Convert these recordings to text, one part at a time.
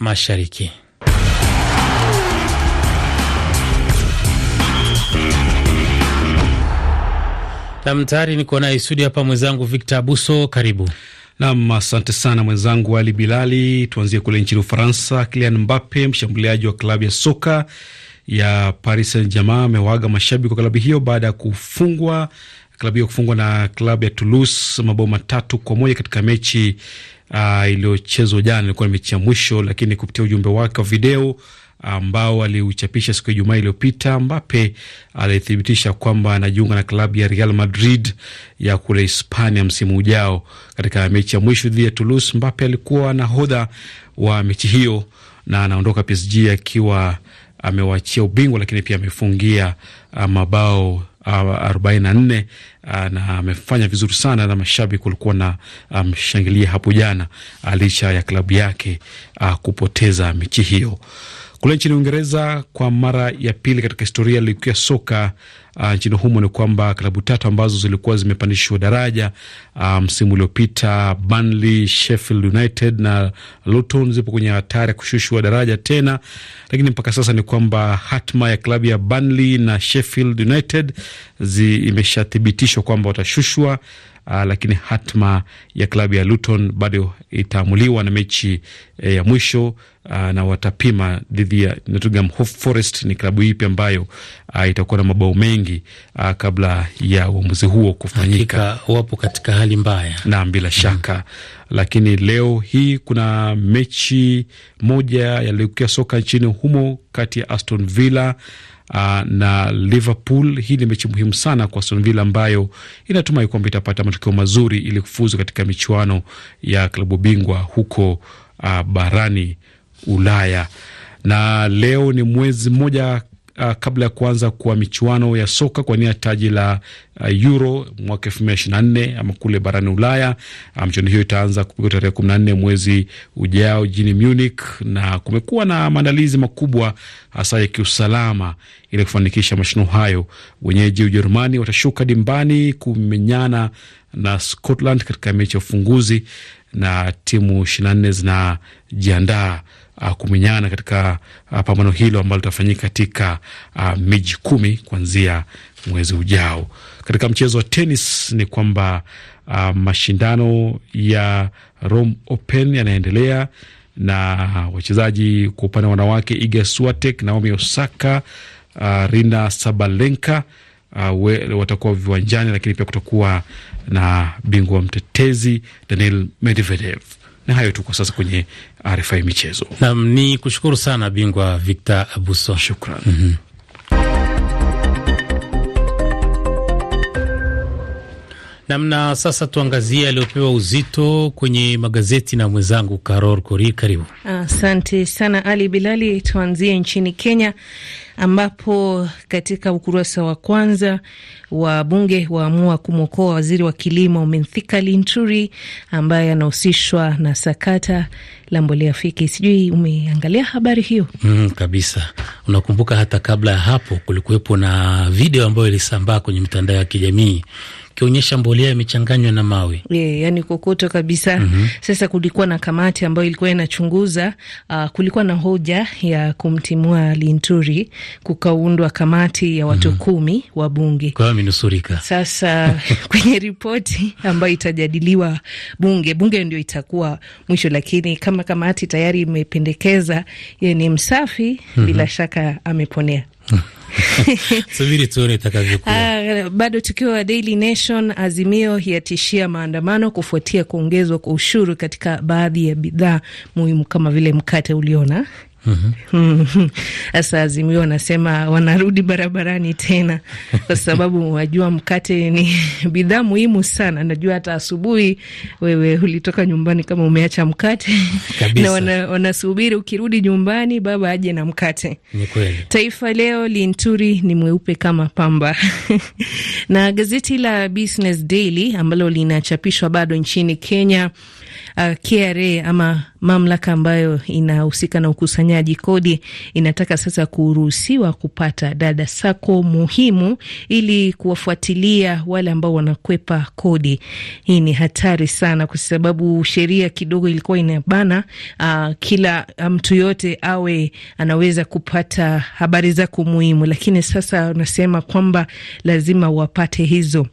Mashariki. Nam tayari niko naye studio hapa mwenzangu Victor Abuso, karibu. Nam, asante sana mwenzangu Ali Bilali. Tuanzie kule nchini Ufaransa. Kylian Mbappe, mshambuliaji wa klabu ya soka ya Paris Saint Germain, amewaaga mashabiki wa klabu hiyo baada ya kufungwa klabu hiyo kufungwa na klabu ya Toulouse mabao matatu kwa moja katika mechi uh, iliyochezwa jana ilikuwa ni mechi ya mwisho, lakini kupitia ujumbe wake wa video ambao aliuchapisha siku ya Ijumaa iliyopita, Mbappe alithibitisha kwamba anajiunga na klabu ya Real Madrid ya kule Hispania msimu ujao. Katika mechi ya mwisho dhidi ya Toulouse, Mbappe alikuwa nahodha wa mechi hiyo na anaondoka PSG akiwa amewachia ubingwa, lakini pia amefungia ah, mabao 44 ah, na amefanya vizuri sana na mashabiki walikuwa na ah, mshangilia um, hapo jana ah, licha ya klabu yake uh, kupoteza mechi hiyo. Kule nchini Uingereza, kwa mara ya pili katika historia ya soka uh, nchini humo ni kwamba klabu tatu ambazo zilikuwa zimepandishwa daraja uh, msimu um, uliopita Burnley, Sheffield United na Luton zipo kwenye hatari ya kushushwa daraja tena, lakini mpaka sasa ni kwamba hatma ya klabu ya Burnley na Sheffield United imeshathibitishwa kwamba watashushwa uh, lakini hatma ya klabu ya Luton bado itaamuliwa na mechi eh, ya mwisho uh, na watapima dhidi ya Nottingham Forest. Ni klabu ipi ambayo uh, itakuwa na mabao mengi uh, kabla ya uamuzi huo kufanyika. Hakika, wapo katika hali mbaya naam, bila mm-hmm. shaka mm -hmm. Lakini leo hii kuna mechi moja ya ligi ya soka nchini humo kati ya Aston Villa Ah, na Liverpool. Hii ni mechi muhimu sana kwa Aston Villa ambayo inatumai kwamba itapata matokeo mazuri ili kufuzu katika michuano ya klabu bingwa huko uh, barani Ulaya. Na leo ni mwezi mmoja uh, kabla ya kuanza kwa michuano ya soka kwa nia taji la uh, Euro mwaka elfu mbili ishirini na nne ama kule barani Ulaya. Uh, michuano um, hiyo itaanza kupigwa tarehe kumi na nne mwezi ujao jijini Munich, na kumekuwa na maandalizi makubwa hasa ya kiusalama ili kufanikisha mashindano hayo. Wenyeji Ujerumani watashuka dimbani kumenyana na Scotland katika mechi ya ufunguzi na timu ishirini na nne zinajiandaa uh, kumenyana katika uh, pambano hilo ambalo litafanyika katika uh, miji kumi kuanzia mwezi ujao. Katika mchezo wa tenis ni kwamba uh, mashindano ya Rome Open yanaendelea na wachezaji kwa upande wa wanawake Iga Swiatek, Naomi Osaka, uh, Rina Sabalenka uh, watakuwa viwanjani, lakini pia kutakuwa na bingwa mtetezi Daniel Medvedev. Na hayo tu kwa sasa kwenye RFI Michezo. Nam ni kushukuru sana bingwa Victor Abuso, shukran. mm -hmm. Namna sasa, tuangazie aliyopewa uzito kwenye magazeti na mwenzangu Karol Kori, karibu. Asante sana Ali Bilali, tuanzie nchini Kenya ambapo katika ukurasa wa kwanza wabunge waamua kumwokoa waziri wa kilimo Mithika Linturi ambaye anahusishwa na sakata la mbolea fiki. Sijui umeangalia habari hiyo? Mm, kabisa. Unakumbuka hata kabla ya hapo kulikuwepo na video ambayo ilisambaa kwenye mitandao ya kijamii ukionyesha mbolea imechanganywa na mawe yeah, yani kokoto kabisa. mm -hmm. Sasa kulikuwa na kamati ambayo ilikuwa inachunguza uh, kulikuwa na hoja ya kumtimua Linturi, kukaundwa kamati ya watu mm -hmm. kumi wa bunge. Kwa hiyo amenusurika sasa kwenye ripoti ambayo itajadiliwa bunge, bunge ndio itakuwa mwisho, lakini kama kamati tayari imependekeza yeye ni msafi mm -hmm. bila shaka ameponea subiri tuone itakavyokuwa. Ah, bado tukiwa Daily Nation, Azimio yatishia maandamano kufuatia kuongezwa kwa ushuru katika baadhi ya bidhaa muhimu kama vile mkate. Uliona Mm-hmm. Sasa Azimio wanasema wanarudi barabarani tena, kwa sababu wajua, mkate ni bidhaa muhimu sana. Najua hata asubuhi wewe ulitoka nyumbani kama umeacha mkate na wana, wanasubiri ukirudi nyumbani baba aje na mkate. Ni kweli. Taifa Leo, Linturi ni mweupe kama pamba na gazeti la Business Daily ambalo linachapishwa bado nchini Kenya uh, KRA ama mamlaka ambayo inahusika na ukusanyaji kodi inataka sasa kuruhusiwa kupata dada sako muhimu ili kuwafuatilia wale ambao wanakwepa kodi. Hii ni hatari sana, kwa sababu sheria kidogo ilikuwa inabana uh, kila uh, mtu yote awe anaweza kupata habari zako muhimu, lakini sasa unasema kwamba lazima wapate hizo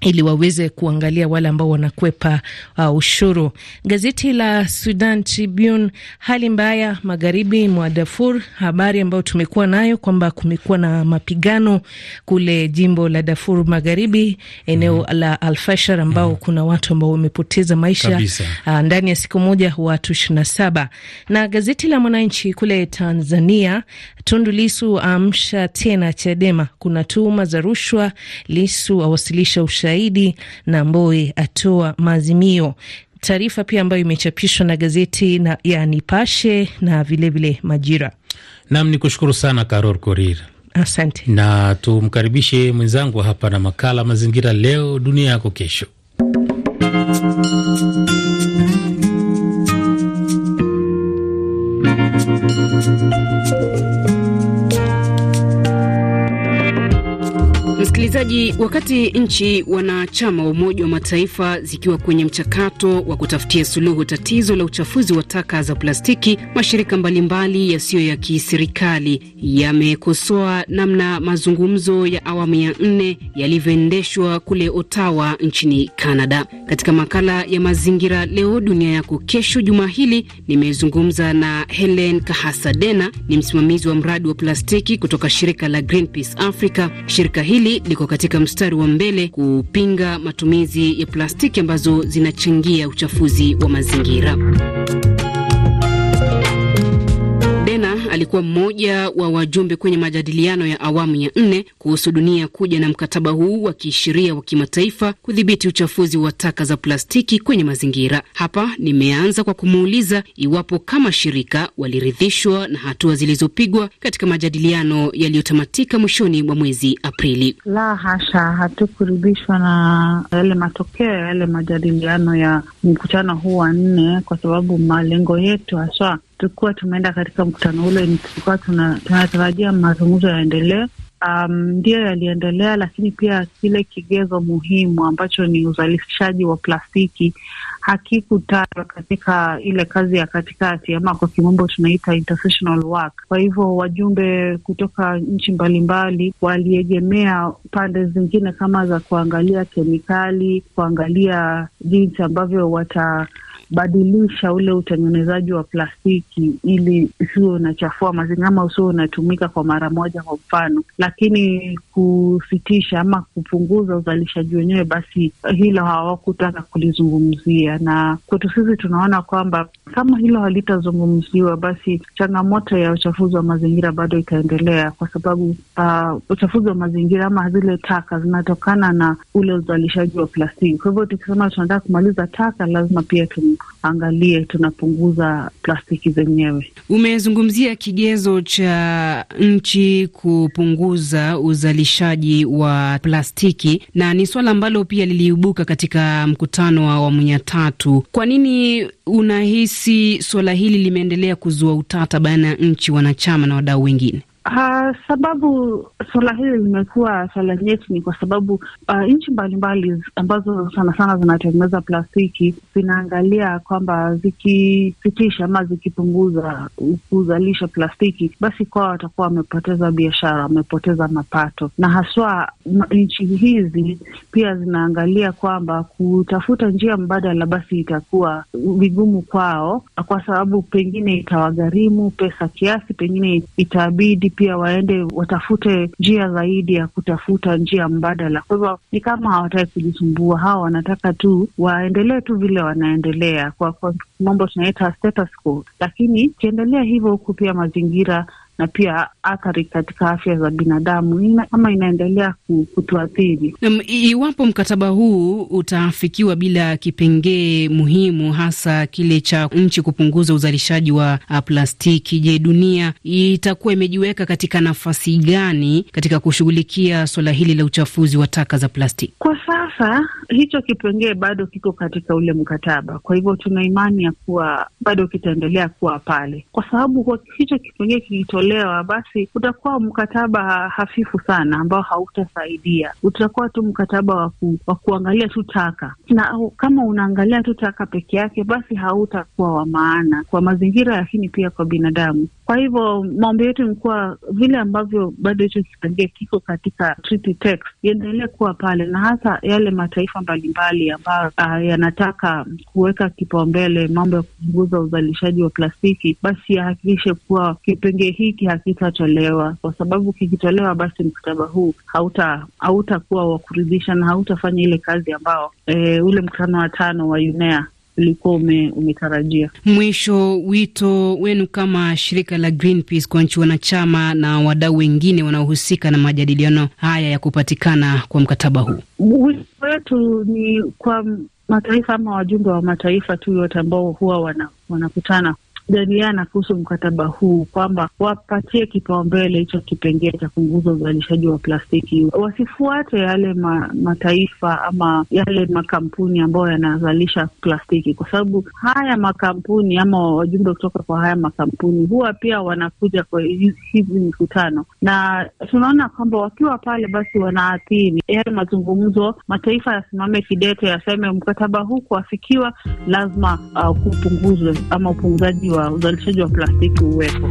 ili waweze kuangalia wale ambao wanakwepa uh, ushuru. Gazeti la Sudan Tribune, hali mbaya magharibi mwa Darfur, habari ambayo tumekuwa nayo kwamba kumekuwa na mapigano kule jimbo la Darfur Magharibi, eneo mm la Alfashar ambao mm kuna watu ambao wamepoteza maisha uh, ndani ya siku moja, watu ishirini na saba. Na gazeti la Mwananchi kule Tanzania, Tundu Lisu aamsha tena Chadema, kuna tuhuma za rushwa, Lisu awasilisha usha ushahidi na Mboe atoa maazimio. Taarifa pia ambayo imechapishwa na gazeti na ya Nipashe na vilevile vile Majira. Nam ni kushukuru sana Karol Korir. Asante na tumkaribishe mwenzangu hapa na makala Mazingira Leo Dunia Yako Kesho. Msikilizaji, wakati nchi wanachama wa Umoja wa Mataifa zikiwa kwenye mchakato wa kutafutia suluhu tatizo la uchafuzi wa taka za plastiki, mashirika mbalimbali yasiyo ya kiserikali yamekosoa namna mazungumzo ya awamu ya nne yalivyoendeshwa kule Ottawa nchini Canada. Katika makala ya mazingira leo dunia yako kesho, juma hili nimezungumza na Helen Kahasadena, ni msimamizi wa mradi wa plastiki kutoka shirika la Greenpeace Africa. Shirika hili liko katika mstari wa mbele kupinga matumizi ya plastiki ambazo zinachangia uchafuzi wa mazingira alikuwa mmoja wa wajumbe kwenye majadiliano ya awamu ya nne kuhusu dunia kuja na mkataba huu wa kiishiria wa kimataifa kudhibiti uchafuzi wa taka za plastiki kwenye mazingira. Hapa nimeanza kwa kumuuliza iwapo kama shirika waliridhishwa na hatua zilizopigwa katika majadiliano yaliyotamatika mwishoni mwa mwezi Aprili. La hasha, hatukuridhishwa na yale matokeo ya yale majadiliano ya mkutano huu wa nne, kwa sababu malengo yetu haswa tulikuwa tumeenda katika mkutano ule, tulikuwa tunatarajia mazungumzo yaendelee. Um, Ndiyo, yaliendelea, lakini pia kile kigezo muhimu ambacho ni uzalishaji wa plastiki hakikutajwa katika ile kazi ya katikati ama kwa kimombo tunaita work. Kwa hivyo wajumbe kutoka nchi mbalimbali waliegemea pande zingine kama za kuangalia kemikali, kuangalia jinsi ambavyo wata badilisha ule utengenezaji wa plastiki ili usiwe unachafua mazingira ama usiwe unatumika kwa mara moja, kwa mfano. Lakini kusitisha ama kupunguza uzalishaji wenyewe, basi hilo hawakutaka kulizungumzia, na kwetu sisi tunaona kwamba kama hilo halitazungumziwa, basi changamoto ya uchafuzi wa mazingira bado itaendelea, kwa sababu uh, uchafuzi wa mazingira ama zile taka zinatokana na ule uzalishaji wa plastiki. Kwa hivyo tukisema tunataka kumaliza taka, lazima pia tum tuangalie tunapunguza plastiki zenyewe. Umezungumzia kigezo cha nchi kupunguza uzalishaji wa plastiki, na ni swala ambalo pia liliibuka katika mkutano wa awamu ya tatu. Kwa nini unahisi swala hili limeendelea kuzua utata baina ya nchi wanachama na wadau wengine? Ha, sababu suala hili limekuwa swala nyeti ni kwa sababu uh, nchi mbalimbali ambazo sana sana zinatengeneza plastiki zinaangalia kwamba zikisitisha ama zikipunguza kuzalisha plastiki, basi kwao watakuwa wamepoteza biashara, wamepoteza mapato, na haswa nchi hizi pia zinaangalia kwamba kutafuta njia mbadala, basi itakuwa vigumu kwao, kwa sababu pengine itawagharimu pesa kiasi, pengine itabidi pia waende watafute njia zaidi ya kutafuta njia mbadala. Kwa hivyo ni kama hawataki kujisumbua, hawa wanataka tu waendelee tu vile wanaendelea, kwa, kwa mambo tunaita status quo, lakini ukiendelea hivyo huku pia mazingira na pia athari katika afya za binadamu ina, ama inaendelea kutuathiri. Iwapo mkataba huu utaafikiwa bila kipengee muhimu hasa kile cha nchi kupunguza uzalishaji wa uh, plastiki, je, dunia itakuwa imejiweka katika nafasi gani katika kushughulikia swala hili la uchafuzi wa taka za plastiki kwa sasa hicho kipengee bado kiko katika ule mkataba, kwa hivyo tuna imani ya kuwa bado kitaendelea kuwa pale, kwa sababu kwa hicho kipengee kikitolewa, basi utakuwa mkataba hafifu sana ambao hautasaidia. Utakuwa tu mkataba wa waku, kuangalia tu taka, na kama unaangalia tu taka peke yake, basi hautakuwa wa maana kwa mazingira, lakini pia kwa binadamu. Kwa hivyo maombi yetu ni kuwa vile ambavyo bado hicho kipengee kiko katika treaty text iendelee kuwa pale na hasa ya yale mataifa mbalimbali ambayo uh, yanataka kuweka kipaumbele mambo ya kupunguza uzalishaji wa plastiki, basi yahakikishe kuwa kipengee hiki hakitatolewa, kwa sababu kikitolewa, basi mkataba huu hautakuwa hauta wa kuridhisha na hautafanya ile kazi ambao e, ule mkutano wa tano wa UNEA ulikuwa ume, umetarajia. Mwisho, wito wenu kama shirika la Greenpeace kwa nchi wanachama na wadau wengine wanaohusika na majadiliano haya ya kupatikana kwa mkataba huu? Wito wetu ni kwa mataifa ama wajumbe wa mataifa tu yote ambao huwa wana, wanakutana kujadiliana kuhusu mkataba huu kwamba wapatie kipaumbele hicho kipengele cha kupunguza uzalishaji wa plastiki, wasifuate yale ma, mataifa ama yale makampuni ambayo yanazalisha plastiki, kwa sababu haya makampuni ama wajumbe kutoka kwa haya makampuni huwa pia wanakuja kwa hizi mikutano, na tunaona kwamba wakiwa pale, basi wanaathiri yale mazungumzo. Mataifa yasimame kidete, yaseme mkataba huu kuafikiwa lazima uh, kupunguzwe ama upunguzaji wa uzalishaji wa plastiki uwepo.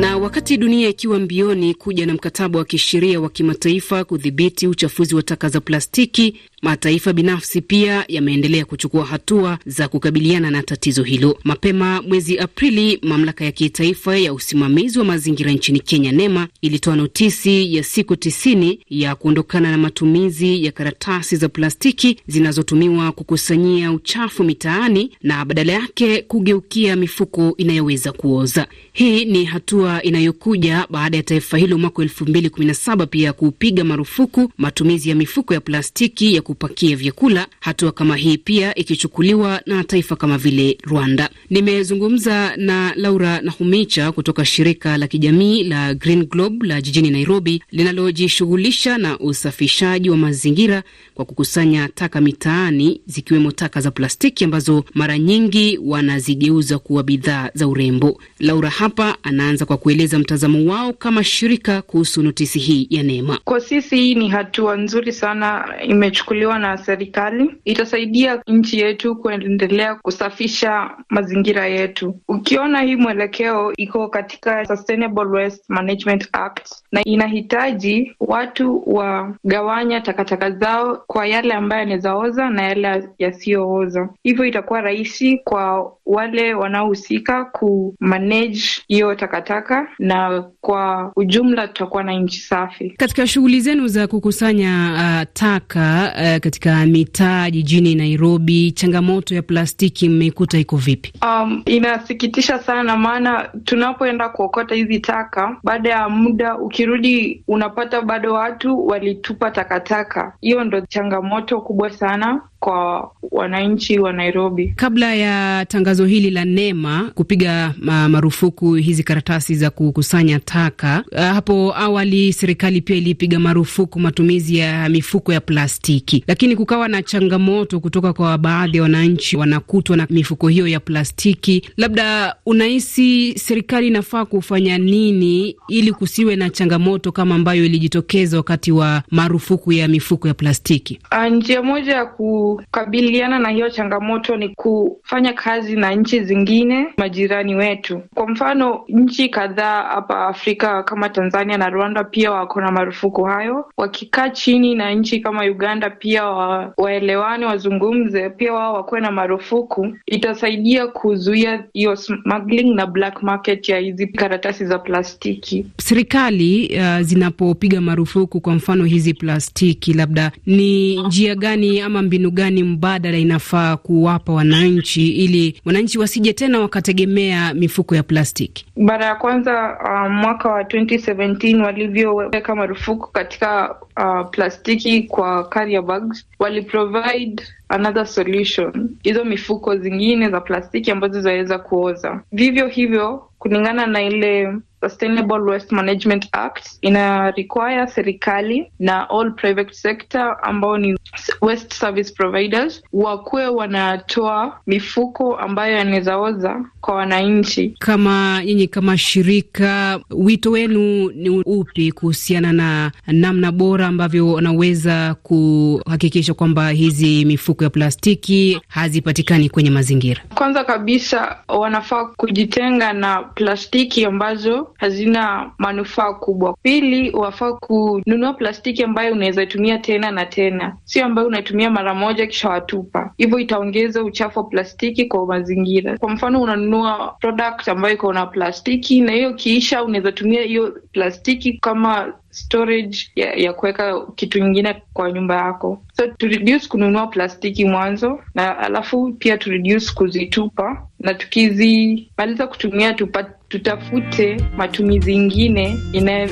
Na wakati dunia ikiwa mbioni kuja na mkataba wa kisheria wa kimataifa kudhibiti uchafuzi wa taka za plastiki, Mataifa binafsi pia yameendelea kuchukua hatua za kukabiliana na tatizo hilo. Mapema mwezi Aprili, mamlaka ya kitaifa ya usimamizi wa mazingira nchini Kenya, NEMA, ilitoa notisi ya siku tisini ya kuondokana na matumizi ya karatasi za plastiki zinazotumiwa kukusanyia uchafu mitaani na badala yake kugeukia mifuko inayoweza kuoza. Hii ni hatua inayokuja baada ya taifa hilo mwaka elfu mbili kumi na saba pia kupiga marufuku matumizi ya mifuko ya plastiki ya kupakia vyakula, hatua kama hii pia ikichukuliwa na taifa kama vile Rwanda. Nimezungumza na Laura Nahumicha kutoka shirika la kijamii la Green Globe la jijini Nairobi linalojishughulisha na usafishaji wa mazingira kwa kukusanya taka mitaani, zikiwemo taka za plastiki ambazo mara nyingi wanazigeuza kuwa bidhaa za urembo. Laura hapa anaanza kwa kueleza mtazamo wao kama shirika kuhusu notisi hii ya Neema. Kwa sisi hii ni hatua nzuri sana imechukuliwa kuchukuliwa na serikali itasaidia nchi yetu kuendelea kusafisha mazingira yetu. Ukiona hii mwelekeo iko katika Sustainable Waste Management Act, na inahitaji watu wagawanya takataka zao kwa yale ambayo yanawezaoza na yale yasiyooza. Hivyo itakuwa rahisi kwa wale wanaohusika kumanage hiyo takataka, na kwa ujumla tutakuwa na nchi safi. Katika shughuli zenu za kukusanya uh, taka uh, katika mitaa jijini Nairobi, changamoto ya plastiki mmeikuta iko vipi? Um, inasikitisha sana, maana tunapoenda kuokota hizi taka, baada ya muda ukirudi unapata bado watu walitupa takataka. Hiyo ndo changamoto kubwa sana kwa wananchi wa Nairobi. Kabla ya tangazo hili la NEMA kupiga marufuku hizi karatasi za kukusanya taka, eh, hapo awali serikali pia ilipiga marufuku matumizi ya mifuko ya plastiki, lakini kukawa na changamoto kutoka kwa baadhi ya wananchi, wanakutwa na mifuko hiyo ya plastiki. Labda unahisi serikali inafaa kufanya nini ili kusiwe na changamoto kama ambayo ilijitokeza wakati wa marufuku ya mifuko ya plastiki? Ah, njia moja ya ku kukabiliana na hiyo changamoto ni kufanya kazi na nchi zingine majirani wetu. Kwa mfano, nchi kadhaa hapa Afrika kama Tanzania na Rwanda pia wako na marufuku hayo. Wakikaa chini na nchi kama Uganda pia wa, waelewane, wazungumze, pia wao wakuwe na marufuku, itasaidia kuzuia hiyo smuggling na black market ya hizi karatasi za plastiki. Serikali uh, zinapopiga marufuku kwa mfano hizi plastiki, labda ni njia gani ama mbinu gani mbadala inafaa kuwapa wananchi ili wananchi wasije tena wakategemea mifuko ya plastiki? Mara ya kwanza uh, mwaka wa 2017 walivyoweka marufuku katika uh, plastiki kwa carrier bags wali provide another solution, hizo mifuko zingine za plastiki ambazo zinaweza kuoza. Vivyo hivyo kulingana na ile Sustainable Waste Management Act ina require serikali na all private sector ambao ni waste service providers wakuwe wanatoa mifuko ambayo yanawezaoza kwa wananchi. Kama nyinyi kama shirika, wito wenu ni upi kuhusiana na namna bora ambavyo wanaweza kuhakikisha kwamba hizi mifuko ya plastiki hazipatikani kwenye mazingira? Kwanza kabisa, wanafaa kujitenga na plastiki ambazo hazina manufaa kubwa. Pili, wafaa kununua plastiki ambayo unaweza tumia tena na tena, sio ambayo unatumia mara moja kisha watupa. Hivyo itaongeza uchafu wa plastiki kwa mazingira. Kwa mfano una kununua product ambayo iko na plastiki, na hiyo kiisha unaweza tumia hiyo plastiki kama storage ya, ya kuweka kitu nyingine kwa nyumba yako, so to reduce kununua plastiki mwanzo, na alafu pia to reduce kuzitupa, na tukizimaliza kutumia tupa, tutafute matumizi ingine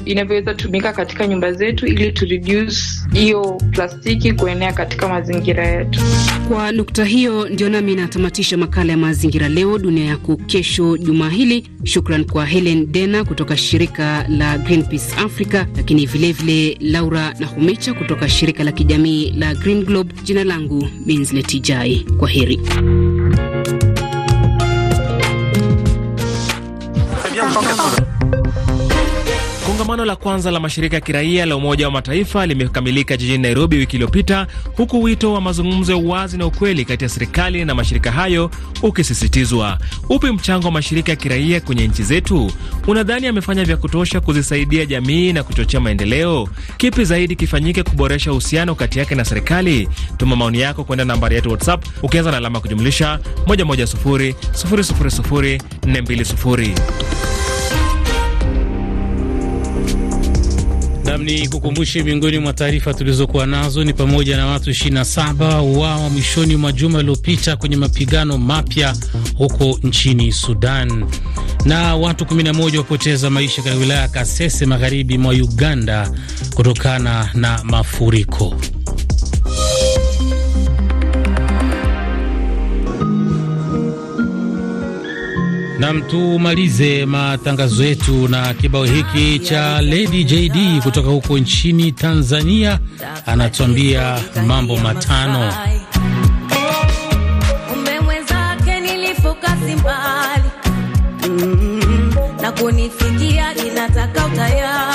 inavyoweza tumika katika nyumba zetu, ili to reduce hiyo plastiki kuenea katika mazingira yetu. Kwa nukta hiyo, ndio nami natamatisha makala ya mazingira leo, dunia yako kesho, juma hili. Shukran kwa Helen Dena kutoka shirika la Greenpeace Africa lakini vilevile vile Laura humecha kutoka shirika la kijamii la Green Globe. Jina langu Minzleti kwa heri. Kongamano la kwanza la mashirika ya kiraia la Umoja wa Mataifa limekamilika jijini Nairobi wiki iliyopita, huku wito wa mazungumzo ya uwazi na ukweli kati ya serikali na mashirika hayo ukisisitizwa. Upi mchango wa mashirika ya kiraia kwenye nchi zetu? Unadhani amefanya vya kutosha kuzisaidia jamii na kuchochea maendeleo? Kipi zaidi kifanyike kuboresha uhusiano kati yake na serikali? Tuma maoni yako kwenda nambari yetu WhatsApp ukianza na alama ya kujumlisha 110 Nam ni kukumbushe, miongoni mwa taarifa tulizokuwa nazo ni pamoja na watu 27 uawa mwishoni mwa juma iliyopita kwenye mapigano mapya huko nchini Sudan, na watu 11 wapoteza maisha katika wilaya ya Kasese magharibi mwa Uganda kutokana na mafuriko. Nam, tumalize matangazo yetu na kibao hiki cha Lady JD kutoka huko nchini Tanzania, anatuambia mambo matano. Umemwezake nilifoka simbali mm, na kunifikia, inataka utayari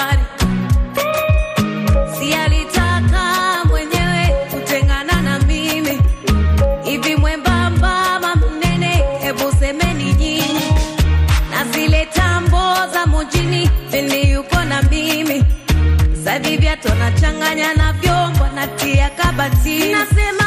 mjini, mimi yuko na mimi, sasa hivi tunachanganya na vyombo na tia kabati, nasema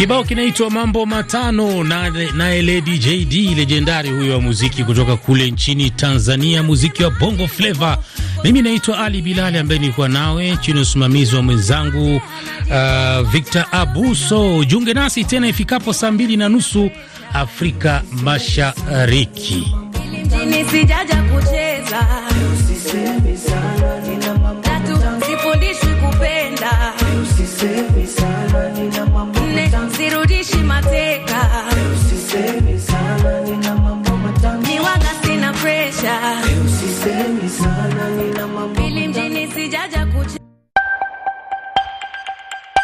Kibao kinaitwa mambo matano naye na Lady JD legendari huyo wa muziki kutoka kule nchini Tanzania, muziki wa bongo flava. Mimi naitwa Ali Bilali ambaye nilikuwa nawe chini ya usimamizi wa mwenzangu uh, Victor Abuso. junge nasi tena ifikapo saa mbili na nusu Afrika Mashariki naishi mateka, usisemi sana, nina mambo matamu, miwaga sina presha